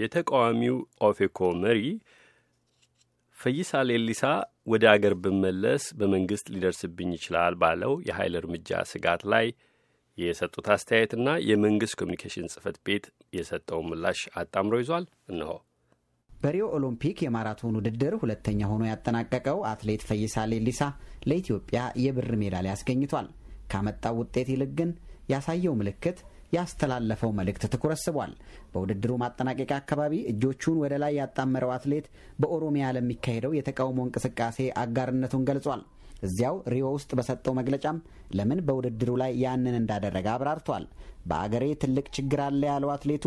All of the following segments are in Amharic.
የተቃዋሚው ኦፌኮ መሪ ፈይሳ ሌሊሳ ወደ አገር ብመለስ በመንግስት ሊደርስብኝ ይችላል ባለው የኃይል እርምጃ ስጋት ላይ የሰጡት አስተያየትና የመንግስት ኮሚኒኬሽን ጽህፈት ቤት የሰጠው ምላሽ አጣምሮ ይዟል። እንሆ በሪዮ ኦሎምፒክ የማራቶን ውድድር ሁለተኛ ሆኖ ያጠናቀቀው አትሌት ፈይሳ ሌሊሳ ለኢትዮጵያ የብር ሜዳሊያ አስገኝቷል። ካመጣው ውጤት ይልቅ ግን ያሳየው ምልክት ያስተላለፈው መልእክት ትኩረት ስቧል። በውድድሩ ማጠናቀቂያ አካባቢ እጆቹን ወደ ላይ ያጣመረው አትሌት በኦሮሚያ ለሚካሄደው የተቃውሞ እንቅስቃሴ አጋርነቱን ገልጿል። እዚያው ሪዮ ውስጥ በሰጠው መግለጫም ለምን በውድድሩ ላይ ያንን እንዳደረገ አብራርቷል። በአገሬ ትልቅ ችግር አለ ያለው አትሌቱ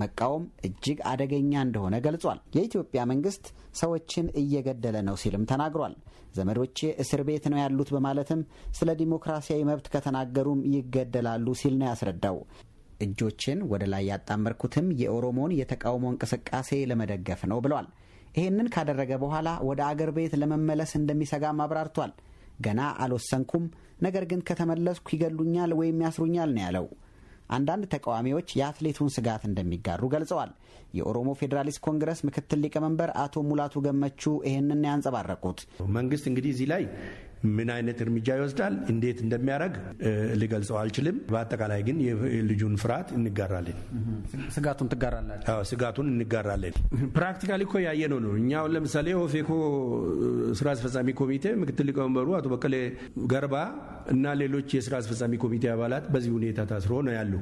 መቃወም እጅግ አደገኛ እንደሆነ ገልጿል። የኢትዮጵያ መንግስት ሰዎችን እየገደለ ነው ሲልም ተናግሯል። ዘመዶቼ እስር ቤት ነው ያሉት በማለትም ስለ ዲሞክራሲያዊ መብት ከተናገሩም ይገደላሉ ሲል ነው ያስረዳው። እጆችን ወደ ላይ ያጣመርኩትም የኦሮሞን የተቃውሞ እንቅስቃሴ ለመደገፍ ነው ብለዋል። ይህንን ካደረገ በኋላ ወደ አገር ቤት ለመመለስ እንደሚሰጋም አብራርቷል። ገና አልወሰንኩም፣ ነገር ግን ከተመለስኩ ይገሉኛል ወይም ያስሩኛል ነው ያለው። አንዳንድ ተቃዋሚዎች የአትሌቱን ስጋት እንደሚጋሩ ገልጸዋል። የኦሮሞ ፌዴራሊስት ኮንግረስ ምክትል ሊቀመንበር አቶ ሙላቱ ገመቹ ይህንን ያንጸባረቁት መንግስት እንግዲህ እዚህ ላይ ምን አይነት እርምጃ ይወስዳል፣ እንዴት እንደሚያደርግ ልገልጸው አልችልም። በአጠቃላይ ግን የልጁን ፍርሃት እንጋራለን። ስጋቱን ትጋራላል? ስጋቱን እንጋራለን። ፕራክቲካሊ እኮ ያየነው ነው። እኛ አሁን ለምሳሌ ኦፌኮ ስራ አስፈጻሚ ኮሚቴ ምክትል ሊቀመንበሩ አቶ በቀሌ ገርባ እና ሌሎች የስራ አስፈጻሚ ኮሚቴ አባላት በዚህ ሁኔታ ታስሮ ነው ያሉ።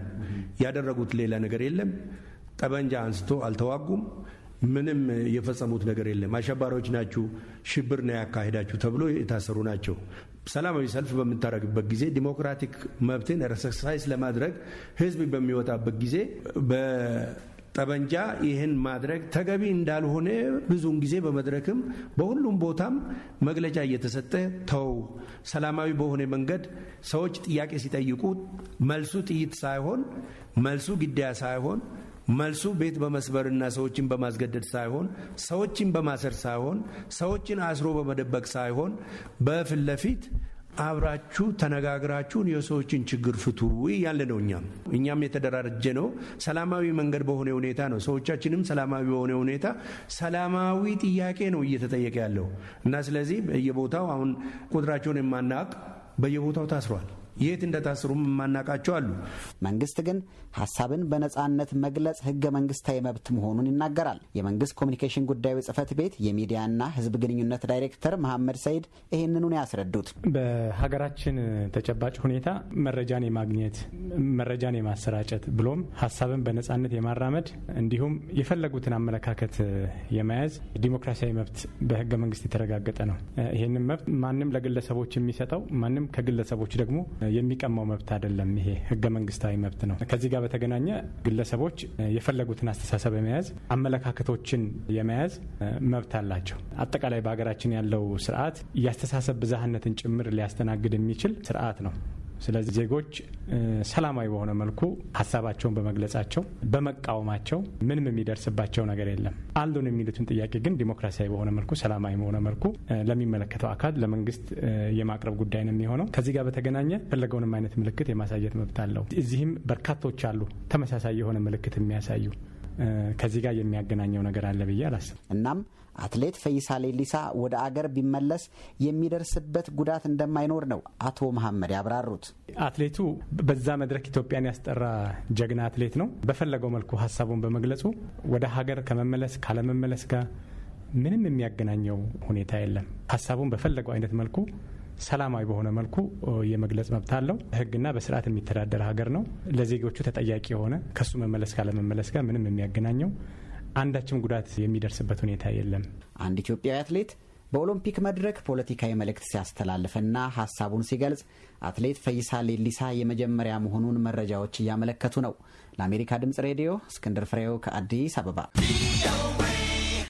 ያደረጉት ሌላ ነገር የለም። ጠበንጃ አንስቶ አልተዋጉም። ምንም የፈጸሙት ነገር የለም። አሸባሪዎች ናችሁ፣ ሽብር ነው ያካሄዳችሁ ተብሎ የታሰሩ ናቸው። ሰላማዊ ሰልፍ በምታደርግበት ጊዜ ዲሞክራቲክ መብትን ኤክሰርሳይዝ ለማድረግ ህዝብ በሚወጣበት ጊዜ ጠበንጃ ይህን ማድረግ ተገቢ እንዳልሆነ ብዙውን ጊዜ በመድረክም በሁሉም ቦታም መግለጫ እየተሰጠ ተው፣ ሰላማዊ በሆነ መንገድ ሰዎች ጥያቄ ሲጠይቁ መልሱ ጥይት ሳይሆን መልሱ ግድያ ሳይሆን መልሱ ቤት በመስበርና ሰዎችን በማስገደድ ሳይሆን ሰዎችን በማሰር ሳይሆን ሰዎችን አስሮ በመደበቅ ሳይሆን በፊት ለፊት አብራችሁ ተነጋግራችሁን የሰዎችን ችግር ፍቱ እያለ ነው። እኛም እኛም የተደራጀ ነው። ሰላማዊ መንገድ በሆነ ሁኔታ ነው። ሰዎቻችንም ሰላማዊ በሆነ ሁኔታ ሰላማዊ ጥያቄ ነው እየተጠየቀ ያለው እና ስለዚህ በየቦታው አሁን ቁጥራቸውን የማናውቅ በየቦታው ታስሯል። የት እንደታስሩም የማናቃቸው አሉ። መንግስት ግን ሀሳብን በነጻነት መግለጽ ህገ መንግስታዊ መብት መሆኑን ይናገራል። የመንግስት ኮሚኒኬሽን ጉዳዩ ጽህፈት ቤት የሚዲያና ህዝብ ግንኙነት ዳይሬክተር መሐመድ ሰይድ ይህንኑን ያስረዱት በሀገራችን ተጨባጭ ሁኔታ መረጃን የማግኘት መረጃን የማሰራጨት ብሎም ሀሳብን በነጻነት የማራመድ እንዲሁም የፈለጉትን አመለካከት የመያዝ ዲሞክራሲያዊ መብት በህገ መንግስት የተረጋገጠ ነው። ይህንን መብት ማንም ለግለሰቦች የሚሰጠው ማንም ከግለሰቦች ደግሞ የሚቀማው መብት አይደለም። ይሄ ህገ መንግስታዊ መብት ነው። ከዚህ ጋር በተገናኘ ግለሰቦች የፈለጉትን አስተሳሰብ የመያዝ አመለካከቶችን የመያዝ መብት አላቸው። አጠቃላይ በሀገራችን ያለው ስርዓት የአስተሳሰብ ብዝሃነትን ጭምር ሊያስተናግድ የሚችል ስርዓት ነው። ስለዚህ ዜጎች ሰላማዊ በሆነ መልኩ ሀሳባቸውን በመግለጻቸው በመቃወማቸው ምንም የሚደርስባቸው ነገር የለም። አሉን የሚሉትን ጥያቄ ግን ዲሞክራሲያዊ በሆነ መልኩ ሰላማዊ በሆነ መልኩ ለሚመለከተው አካል ለመንግስት የማቅረብ ጉዳይ ነው የሚሆነው። ከዚህ ጋር በተገናኘ ፈለገውንም አይነት ምልክት የማሳየት መብት አለው። እዚህም በርካቶች አሉ ተመሳሳይ የሆነ ምልክት የሚያሳዩ ከዚህ ጋር የሚያገናኘው ነገር አለ ብዬ አላስብ። እናም አትሌት ፈይሳ ሌሊሳ ወደ አገር ቢመለስ የሚደርስበት ጉዳት እንደማይኖር ነው አቶ መሐመድ ያብራሩት። አትሌቱ በዛ መድረክ ኢትዮጵያን ያስጠራ ጀግና አትሌት ነው። በፈለገው መልኩ ሀሳቡን በመግለጹ ወደ ሀገር ከመመለስ ካለመመለስ ጋር ምንም የሚያገናኘው ሁኔታ የለም። ሀሳቡን በፈለገው አይነት መልኩ ሰላማዊ በሆነ መልኩ የመግለጽ መብት አለው። ህግና በስርዓት የሚተዳደር ሀገር ነው። ለዜጎቹ ተጠያቂ የሆነ ከሱ መመለስ ካለመመለስ ጋር ምንም የሚያገናኘው አንዳችም ጉዳት የሚደርስበት ሁኔታ የለም። አንድ ኢትዮጵያዊ አትሌት በኦሎምፒክ መድረክ ፖለቲካዊ መልእክት ሲያስተላልፍና ሀሳቡን ሲገልጽ አትሌት ፈይሳ ሌሊሳ የመጀመሪያ መሆኑን መረጃዎች እያመለከቱ ነው። ለአሜሪካ ድምጽ ሬዲዮ እስክንድር ፍሬው ከአዲስ አበባ